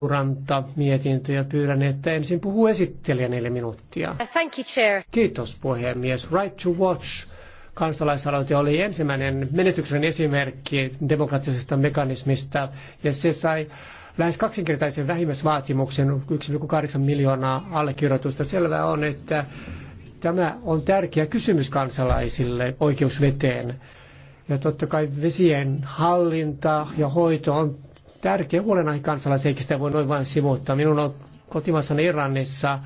uranta mietintö ja pyydän, että ensin puhuu esittelijä neljä minuuttia. Thank you, chair. Kiitos puhemies. Right to Watch kansalaisaloite oli ensimmäinen menetyksen esimerkki demokraattisesta mekanismista ja se sai lähes kaksinkertaisen vähimmäisvaatimuksen 1,8 miljoonaa allekirjoitusta. Selvää on, että tämä on tärkeä kysymys kansalaisille oikeusveteen. Ja totta kai vesien hallinta ja hoito on tärkeä huolenaihe kansalaisia, eikä sitä voi noin vain sivuuttaa. Minun on kotimaassani Iranissa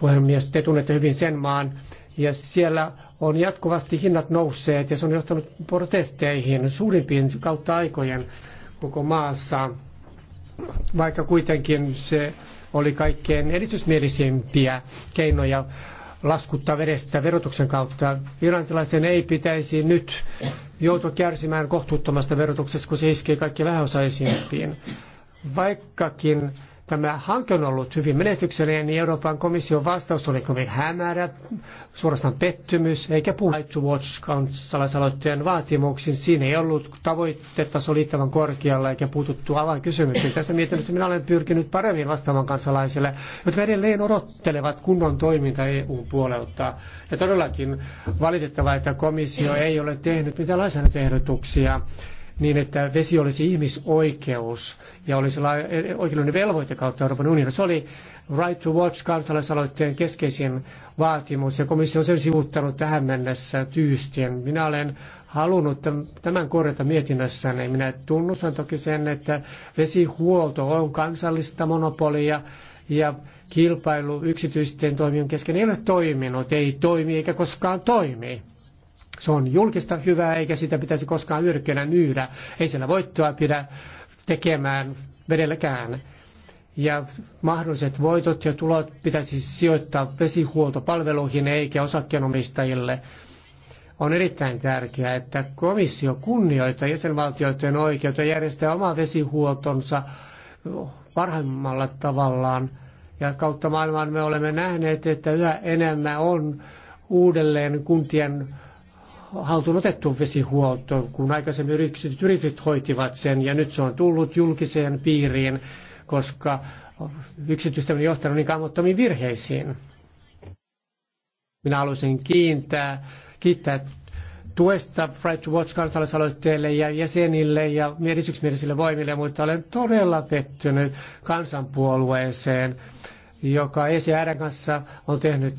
puhemies, te tunnette hyvin sen maan, ja siellä on jatkuvasti hinnat nousseet ja se on johtanut protesteihin suurimpiin kautta aikojen koko maassa, vaikka kuitenkin se oli kaikkein edistysmielisimpiä keinoja laskuttaa verestä verotuksen kautta. Irlantilaisten ei pitäisi nyt joutua kärsimään kohtuuttomasta verotuksesta, kun se iskee kaikki vähäosaisimpiin. Vaikkakin Tämä hanke on ollut hyvin menestyksellinen, niin Euroopan komission vastaus oli kovin hämärä, suorastaan pettymys, eikä puhu Right to Watch kansalaisaloitteen vaatimuksiin. Siinä ei ollut tavoitetta solittavan korkealla eikä puututtu avainkysymyksiin. Tästä mietinnöstä minä olen pyrkinyt paremmin vastaamaan kansalaisille, jotka edelleen odottelevat kunnon toiminta eu puolelta. Ja todellakin valitettavaa, että komissio ei ole tehnyt mitään lainsäädäntöehdotuksia niin, että vesi olisi ihmisoikeus ja olisi oikeudellinen velvoite kautta Euroopan unionin. Se oli Right to Watch kansalaisaloitteen keskeisin vaatimus ja komissio on sen sivuttanut tähän mennessä tyystien. Minä olen halunnut tämän korjata mietinnössäni. Minä tunnustan toki sen, että vesihuolto on kansallista monopolia ja kilpailu yksityisten toimijoiden kesken ei ole toiminut, ei toimi eikä koskaan toimi. Se on julkista hyvää, eikä sitä pitäisi koskaan yrkkönä myydä. Ei siellä voittoa pidä tekemään vedelläkään. Ja mahdolliset voitot ja tulot pitäisi sijoittaa vesihuoltopalveluihin eikä osakkeenomistajille. On erittäin tärkeää, että komissio kunnioittaa jäsenvaltioiden oikeutta järjestää oma vesihuoltonsa parhaimmalla tavallaan. Ja kautta maailman me olemme nähneet, että yhä enemmän on uudelleen kuntien haltuun otettu vesihuolto, kun aikaisemmin yritykset, yritykset hoitivat sen ja nyt se on tullut julkiseen piiriin, koska yksityistäminen on johtanut niin kammottomiin virheisiin. Minä haluaisin kiintää, kiittää tuesta Right to Watch kansalaisaloitteelle ja jäsenille ja mielisyksimielisille voimille, mutta olen todella pettynyt kansanpuolueeseen, joka ECR kanssa on tehnyt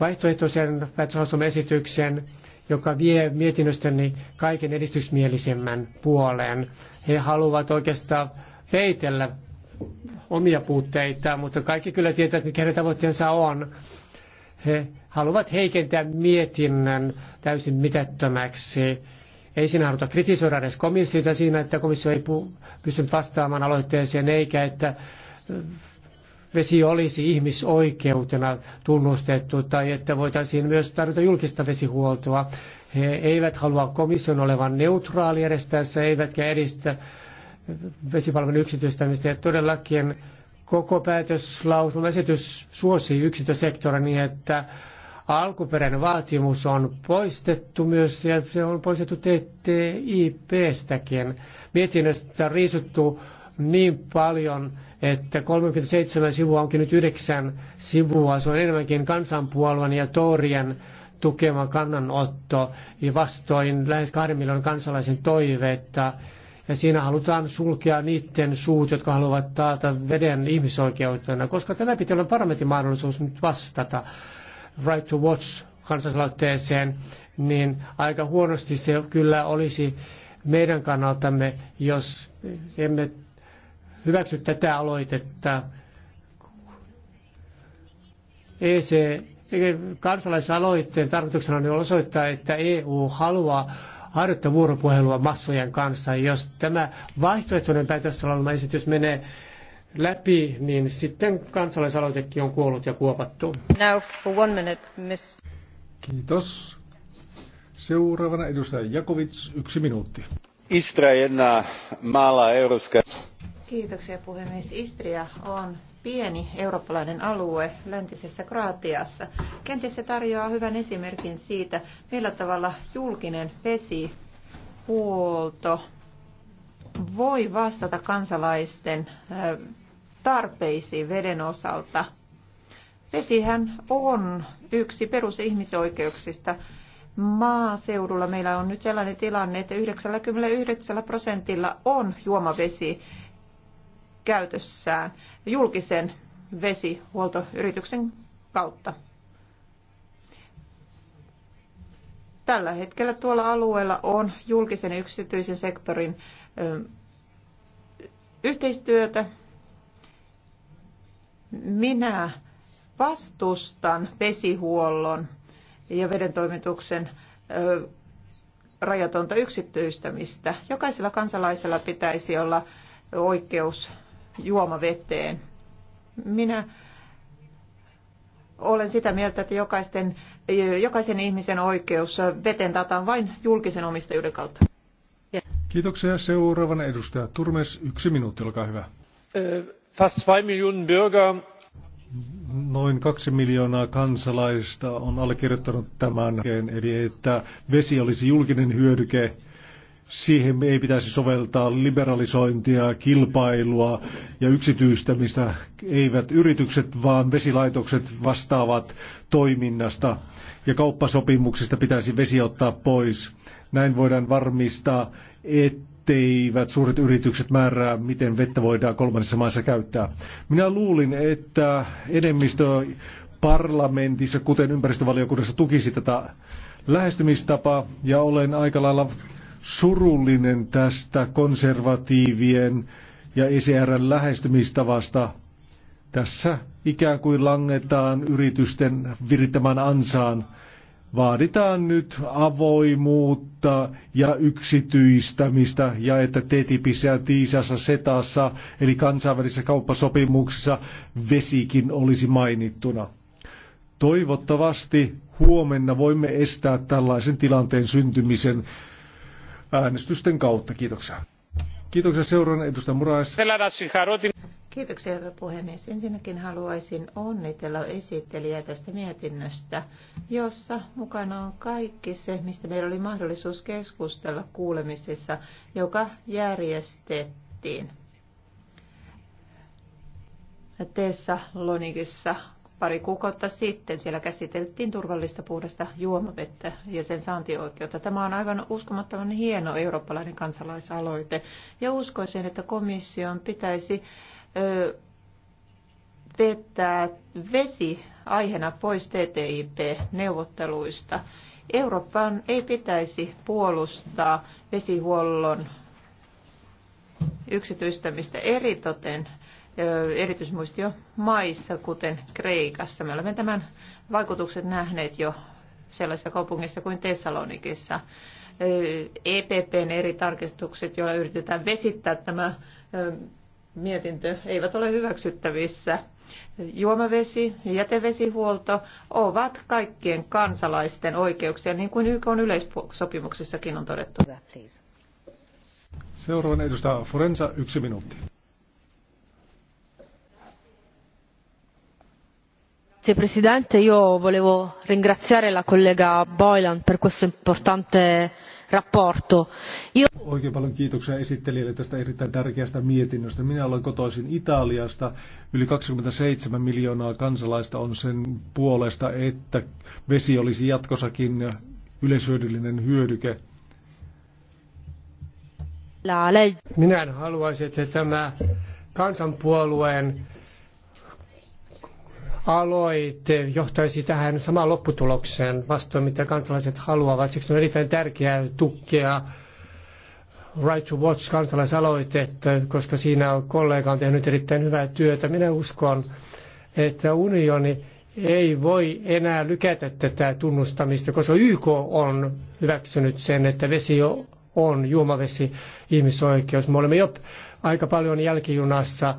vaihtoehtoisen päätöslausumaesityksen esityksen joka vie mietinnöstäni kaiken edistysmielisemmän puoleen. He haluavat oikeastaan peitellä omia puutteita, mutta kaikki kyllä tietävät, mikä heidän tavoitteensa on. He haluavat heikentää mietinnän täysin mitättömäksi. Ei siinä haluta kritisoida edes komissiota siinä, että komissio ei pystynyt vastaamaan aloitteeseen, eikä että vesi olisi ihmisoikeutena tunnustettu tai että voitaisiin myös tarjota julkista vesihuoltoa. He eivät halua komission olevan neutraali tässä, eivätkä edistä vesipalvelun yksityistämistä. Ja todellakin koko esitys suosii yksityissektoria niin, että alkuperäinen vaatimus on poistettu myös, ja se on poistettu TTIPstäkin. Mietinnöstä riisuttu niin paljon, että 37 sivua onkin nyt yhdeksän sivua. Se on enemmänkin kansanpuolueen ja Toorien tukema kannanotto ja vastoin lähes kahden miljoonan kansalaisen toiveetta. Ja siinä halutaan sulkea niiden suut, jotka haluavat taata veden ihmisoikeutena, koska tämä pitää olla parlamentin mahdollisuus nyt vastata Right to Watch kansalaisaloitteeseen, niin aika huonosti se kyllä olisi meidän kannaltamme, jos emme hyväksy tätä aloitetta. EC, kansalaisaloitteen tarkoituksena on osoittaa, että EU haluaa harjoittaa vuoropuhelua massojen kanssa. Jos tämä vaihtoehtoinen päätössalonma esitys menee läpi, niin sitten kansalaisaloitekin on kuollut ja kuopattu. Now for one minute, miss. Kiitos. Seuraavana edustaja Jakovic, yksi minuutti. Istra jedna mala euroska... Kiitoksia puhemies. Istria on pieni eurooppalainen alue läntisessä Kroatiassa. Kenties se tarjoaa hyvän esimerkin siitä, millä tavalla julkinen vesihuolto voi vastata kansalaisten tarpeisiin veden osalta. Vesihän on yksi perusihmisoikeuksista. Maaseudulla meillä on nyt sellainen tilanne, että 99 prosentilla on juomavesi käytössään julkisen vesihuoltoyrityksen kautta. Tällä hetkellä tuolla alueella on julkisen ja yksityisen sektorin yhteistyötä. Minä vastustan vesihuollon ja vedentoimituksen rajatonta yksityistämistä. Jokaisella kansalaisella pitäisi olla oikeus juomaveteen. Minä olen sitä mieltä, että jokaisten, jokaisen ihmisen oikeus veteen taataan vain julkisen omistajuuden kautta. Kiitoksia. Seuraavana edustaja Turmes. Yksi minuutti, olkaa hyvä. Fast 2 Millionen Bürger Noin kaksi miljoonaa kansalaista on allekirjoittanut tämän, eli että vesi olisi julkinen hyödyke siihen ei pitäisi soveltaa liberalisointia, kilpailua ja yksityistämistä. Eivät yritykset, vaan vesilaitokset vastaavat toiminnasta ja kauppasopimuksista pitäisi vesi ottaa pois. Näin voidaan varmistaa, etteivät suuret yritykset määrää, miten vettä voidaan kolmannessa maassa käyttää. Minä luulin, että enemmistö parlamentissa, kuten ympäristövaliokunnassa, tukisi tätä lähestymistapaa ja olen aika lailla surullinen tästä konservatiivien ja ECRn lähestymistavasta. Tässä ikään kuin langetaan yritysten virittämän ansaan. Vaaditaan nyt avoimuutta ja yksityistämistä ja että TTIPissä ja TISassa, SETassa eli kansainvälisessä kauppasopimuksessa vesikin olisi mainittuna. Toivottavasti huomenna voimme estää tällaisen tilanteen syntymisen äänestysten kautta. Kiitoksia. Kiitoksia seuraan edustaja Murais. Kiitoksia herra puhemies. Ensinnäkin haluaisin onnitella esittelijää tästä mietinnöstä, jossa mukana on kaikki se, mistä meillä oli mahdollisuus keskustella kuulemisessa, joka järjestettiin Tessa Lonikissa pari kuukautta sitten. Siellä käsiteltiin turvallista puhdasta juomavettä ja sen saantioikeutta. Tämä on aivan uskomattoman hieno eurooppalainen kansalaisaloite. Ja uskoisin, että komission pitäisi ö, vetää vesi aiheena pois TTIP-neuvotteluista. Euroopan ei pitäisi puolustaa vesihuollon yksityistämistä eritoten erityismuistio maissa, kuten Kreikassa. Me olemme tämän vaikutukset nähneet jo sellaisissa kaupungeissa kuin Thessalonikissa. EPPn eri tarkistukset, joilla yritetään vesittää tämä mietintö, eivät ole hyväksyttävissä. Juomavesi ja jätevesihuolto ovat kaikkien kansalaisten oikeuksia, niin kuin YK on yleissopimuksessakin on todettu. Seuraavan edustaja Forensa, yksi minuutti. signor presidente onorevoli colleghi io volevo ringraziare la collega boylan per questa importante mietintö. oikein paljon kiitoksia esittelijälle tästä erittäin tärkeästä mietinnöstä. minä olen kotoisin italiasta. yli kaksikymmentäseitsemän miljoonaa kansalaista on sen puolesta että vesi olisi jatkossakin yleishyödyllinen hyödyke. minä haluaisin että tämä kansanpuolueen aloite johtaisi tähän samaan lopputulokseen vastoin, mitä kansalaiset haluavat. Siksi on erittäin tärkeää tukea Right to Watch kansalaisaloitetta, koska siinä on kollega on tehnyt erittäin hyvää työtä. Minä uskon, että unioni ei voi enää lykätä tätä tunnustamista, koska YK on hyväksynyt sen, että vesi on juomavesi ihmisoikeus. Me olemme jo aika paljon jälkijunassa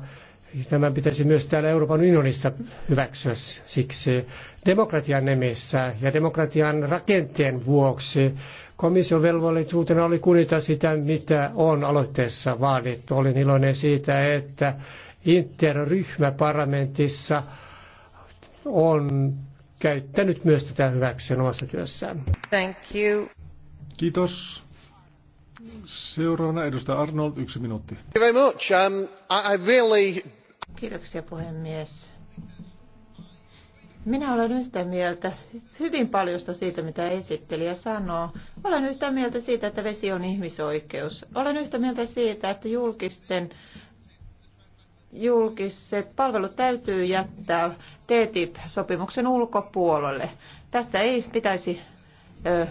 Tämä pitäisi myös täällä Euroopan unionissa hyväksyä siksi demokratian nimissä ja demokratian rakenteen vuoksi. Komission velvollisuutena oli kunnita sitä, mitä on aloitteessa vaadittu. Olin iloinen siitä, että interryhmä parlamentissa on käyttänyt myös tätä hyväkseen omassa työssään. Thank you. Kiitos. Seuraavana edustaja Arnold, yksi minuutti. Um, Kiitoksia puhemies. Minä olen yhtä mieltä hyvin paljosta siitä, mitä esittelijä sanoo. Olen yhtä mieltä siitä, että vesi on ihmisoikeus. Olen yhtä mieltä siitä, että julkisten, julkiset palvelut täytyy jättää TTIP-sopimuksen ulkopuolelle. Tästä ei pitäisi ö,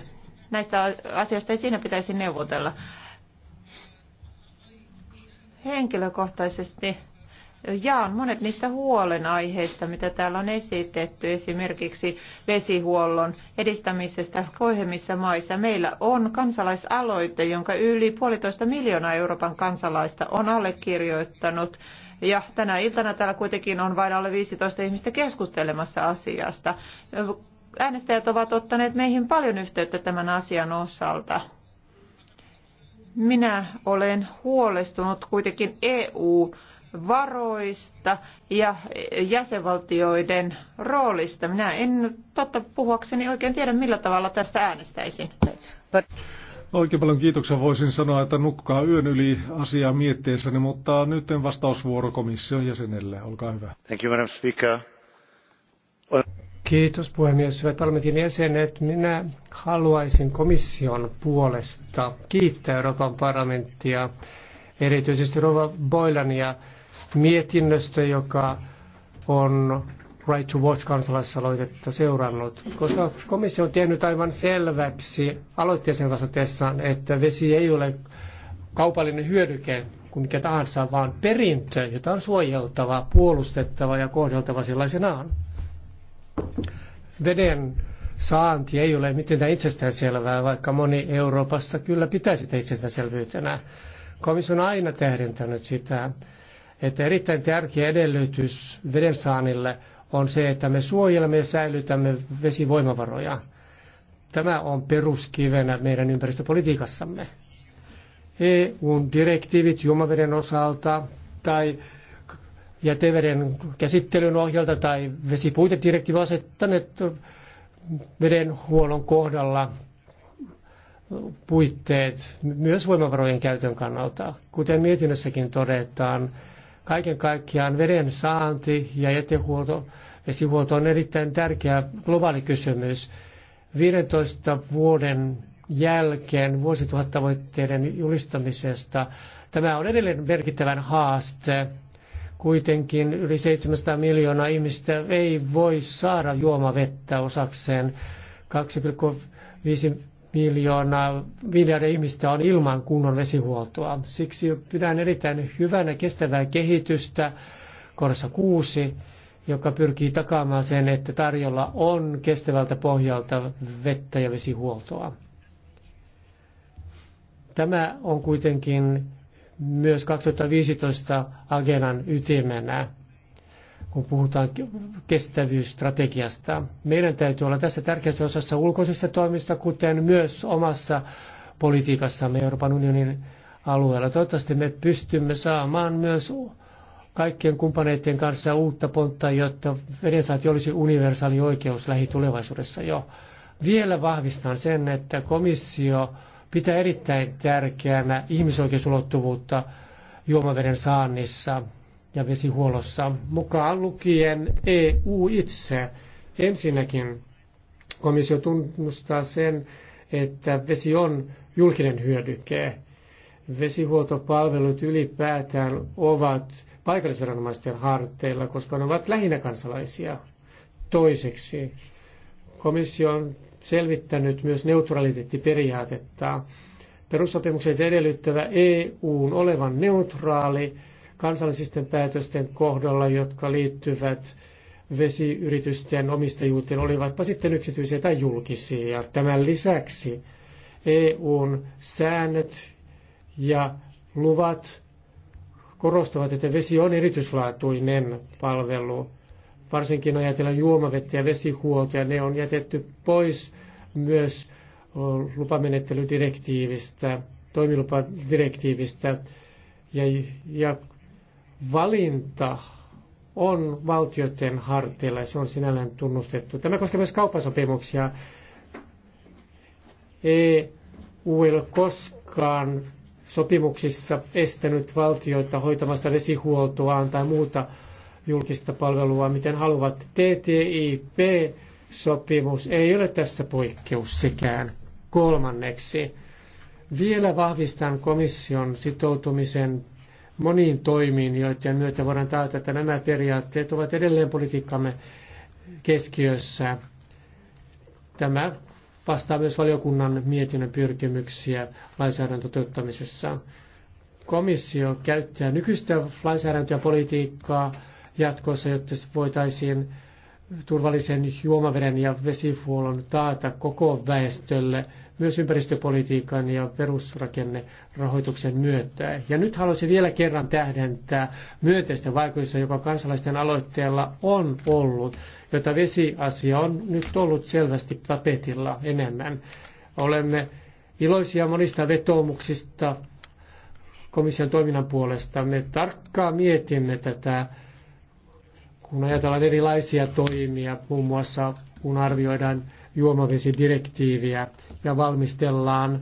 näistä asioista ei siinä pitäisi neuvotella. Henkilökohtaisesti jaan monet niistä huolenaiheista, mitä täällä on esitetty, esimerkiksi vesihuollon edistämisestä koihemmissa maissa. Meillä on kansalaisaloite, jonka yli puolitoista miljoonaa Euroopan kansalaista on allekirjoittanut. Ja tänä iltana täällä kuitenkin on vain alle 15 ihmistä keskustelemassa asiasta äänestäjät ovat ottaneet meihin paljon yhteyttä tämän asian osalta. Minä olen huolestunut kuitenkin EU-varoista ja jäsenvaltioiden roolista. Minä en totta puhuakseni oikein tiedä, millä tavalla tästä äänestäisin. Oikein paljon kiitoksia. Voisin sanoa, että nukkaa yön yli asiaa mietteessäni, mutta nyt en vastausvuoro komission jäsenelle. Olkaa hyvä. Thank you, Madam Speaker. Kiitos puhemies. Hyvät parlamentin jäsenet, minä haluaisin komission puolesta kiittää Euroopan parlamenttia, erityisesti Rova Boylania mietinnöstä, joka on Right to Watch kansalaisaloitetta seurannut, koska komissio on tehnyt aivan selväksi aloitteeseen vastatessaan, että vesi ei ole kaupallinen hyödyke kuin mikä tahansa, vaan perintö, jota on suojeltava, puolustettava ja kohdeltava sellaisenaan. Veden saanti ei ole mitenkään itsestäänselvää, vaikka moni Euroopassa kyllä pitäisi sitä itsestäänselvyytenä. Komissio on aina tähdentänyt sitä, että erittäin tärkeä edellytys veden saannille on se, että me suojelemme ja säilytämme vesivoimavaroja. Tämä on peruskivenä meidän ympäristöpolitiikassamme. eu direktiivit juomaveden osalta tai jäteveden käsittelyn ohjelta tai vesipuitedirektiivi asettaneet vedenhuollon kohdalla puitteet myös voimavarojen käytön kannalta. Kuten mietinnössäkin todetaan, kaiken kaikkiaan veden saanti ja jätehuolto, vesihuolto on erittäin tärkeä globaali kysymys. 15 vuoden jälkeen vuosituhattavoitteiden julistamisesta tämä on edelleen merkittävän haaste Kuitenkin yli 700 miljoonaa ihmistä ei voi saada juomavettä osakseen. 2,5 miljoonaa miljardia ihmistä on ilman kunnon vesihuoltoa. Siksi pidän erittäin hyvänä kestävää kehitystä Korsa 6, joka pyrkii takaamaan sen, että tarjolla on kestävältä pohjalta vettä ja vesihuoltoa. Tämä on kuitenkin myös 2015 agendan ytimenä, kun puhutaan kestävyysstrategiasta. Meidän täytyy olla tässä tärkeässä osassa ulkoisessa toimissa, kuten myös omassa politiikassamme Euroopan unionin alueella. Toivottavasti me pystymme saamaan myös kaikkien kumppaneiden kanssa uutta pontta, jotta vedensaati olisi universaali oikeus lähitulevaisuudessa jo. Vielä vahvistan sen, että komissio pitää erittäin tärkeänä ihmisoikeusulottuvuutta juomaveden saannissa ja vesihuollossa, mukaan lukien EU itse. Ensinnäkin komissio tunnustaa sen, että vesi on julkinen hyödyke. Vesihuoltopalvelut ylipäätään ovat paikallisviranomaisten harteilla, koska ne ovat lähinnä kansalaisia. Toiseksi komission selvittänyt myös neutraliteettiperiaatetta. Perussopimukset edellyttävä EUn olevan neutraali kansallisisten päätösten kohdalla, jotka liittyvät vesiyritysten omistajuuteen, olivatpa sitten yksityisiä tai julkisia. Ja tämän lisäksi EUn säännöt ja luvat korostavat, että vesi on erityislaatuinen palvelu varsinkin ajatellaan juomavettä ja vesihuoltoja, ne on jätetty pois myös lupamenettelydirektiivistä, toimilupadirektiivistä ja, ja valinta on valtioiden harteilla ja se on sinällään tunnustettu. Tämä koskee myös kauppasopimuksia. EU ei ole koskaan sopimuksissa estänyt valtioita hoitamasta vesihuoltoaan tai muuta julkista palvelua, miten haluavat. TTIP-sopimus ei ole tässä poikkeus sekään. Kolmanneksi, vielä vahvistan komission sitoutumisen moniin toimiin, joiden myötä voidaan taata, että nämä periaatteet ovat edelleen politiikkamme keskiössä. Tämä vastaa myös valiokunnan mietinnön pyrkimyksiä lainsäädännön toteuttamisessa. Komissio käyttää nykyistä lainsäädäntöä ja politiikkaa jatkossa, jotta voitaisiin turvallisen juomaveden ja vesihuollon taata koko väestölle myös ympäristöpolitiikan ja perusrakennerahoituksen myötä. Ja nyt haluaisin vielä kerran tähdentää myönteistä vaikutusta, joka kansalaisten aloitteella on ollut, jota vesiasia on nyt ollut selvästi tapetilla enemmän. Olemme iloisia monista vetoomuksista komission toiminnan puolesta. Me tarkkaan mietimme tätä kun ajatellaan erilaisia toimia, muun muassa kun arvioidaan juomavesidirektiiviä ja valmistellaan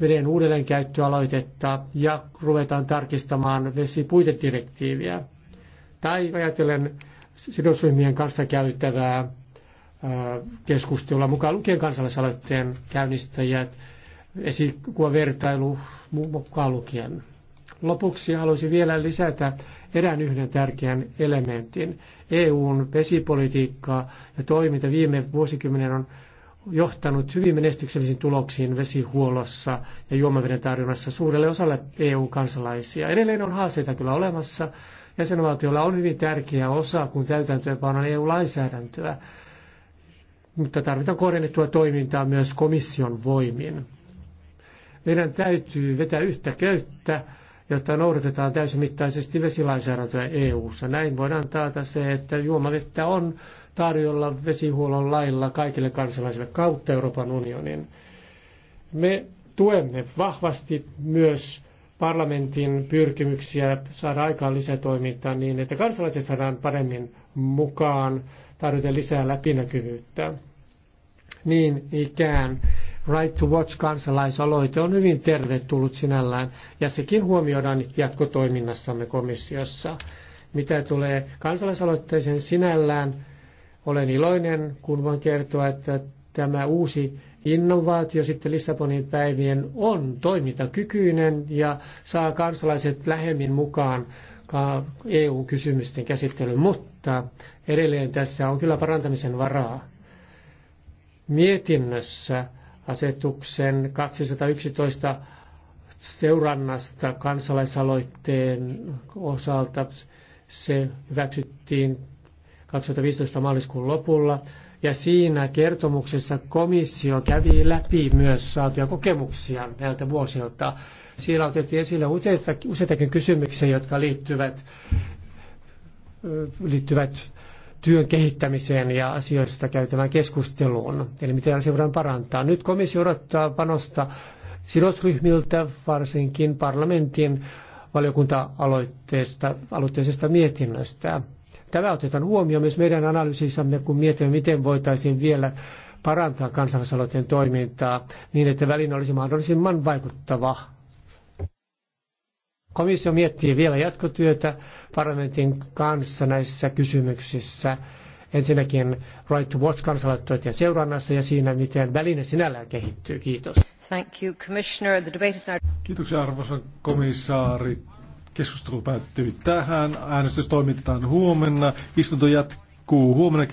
veden uudelleenkäyttöaloitetta ja ruvetaan tarkistamaan vesipuitedirektiiviä. Tai ajatellen sidosryhmien kanssa käytävää keskustelua, mukaan lukien kansalaisaloitteen käynnistäjät, vertailu mukaan lukien. Lopuksi haluaisin vielä lisätä erään yhden tärkeän elementin. EUn vesipolitiikka ja toiminta viime vuosikymmenen on johtanut hyvin menestyksellisiin tuloksiin vesihuollossa ja juomaveden tarjonnassa suurelle osalle EU-kansalaisia. Edelleen on haasteita kyllä olemassa. Jäsenvaltiolla on hyvin tärkeä osa, kun on EU-lainsäädäntöä, mutta tarvitaan kohdennettua toimintaa myös komission voimin. Meidän täytyy vetää yhtä köyttä jotta noudatetaan täysimittaisesti vesilainsäädäntöä EU-ssa. Näin voidaan taata se, että juomavettä on tarjolla vesihuollon lailla kaikille kansalaisille kautta Euroopan unionin. Me tuemme vahvasti myös parlamentin pyrkimyksiä saada aikaan lisätoimintaa niin, että kansalaiset saadaan paremmin mukaan, tarjota lisää läpinäkyvyyttä. Niin ikään Right to Watch kansalaisaloite on hyvin tervetullut sinällään ja sekin huomioidaan jatkotoiminnassamme komissiossa. Mitä tulee kansalaisaloitteeseen sinällään, olen iloinen, kun voin kertoa, että tämä uusi innovaatio sitten Lissabonin päivien on toimintakykyinen ja saa kansalaiset lähemmin mukaan EU-kysymysten käsittelyyn, mutta edelleen tässä on kyllä parantamisen varaa. Mietinnössä asetuksen 211 seurannasta kansalaisaloitteen osalta. Se hyväksyttiin 2015 maaliskuun lopulla. Ja siinä kertomuksessa komissio kävi läpi myös saatuja kokemuksia näiltä vuosilta. Siellä otettiin esille useitakin kysymyksiä, jotka liittyvät, liittyvät työn kehittämiseen ja asioista käytävään keskusteluun, eli miten asia voidaan parantaa. Nyt komissio odottaa panosta sidosryhmiltä, varsinkin parlamentin valiokunta-aloitteesta aloitteisesta mietinnöstä. Tämä otetaan huomioon myös meidän analyysissamme, kun mietimme, miten voitaisiin vielä parantaa kansalaisaloitteen toimintaa niin, että väline olisi mahdollisimman vaikuttava Komissio miettii vielä jatkotyötä parlamentin kanssa näissä kysymyksissä. Ensinnäkin Right to Watch kansalaisaloitteiden seurannassa ja siinä, miten väline sinällään kehittyy. Kiitos. Thank you, Commissioner. The debate is now... Kiitoksia arvoisa komissaari. Keskustelu päättyy tähän. Äänestys toimitetaan huomenna. Istunto jatkuu huomenna.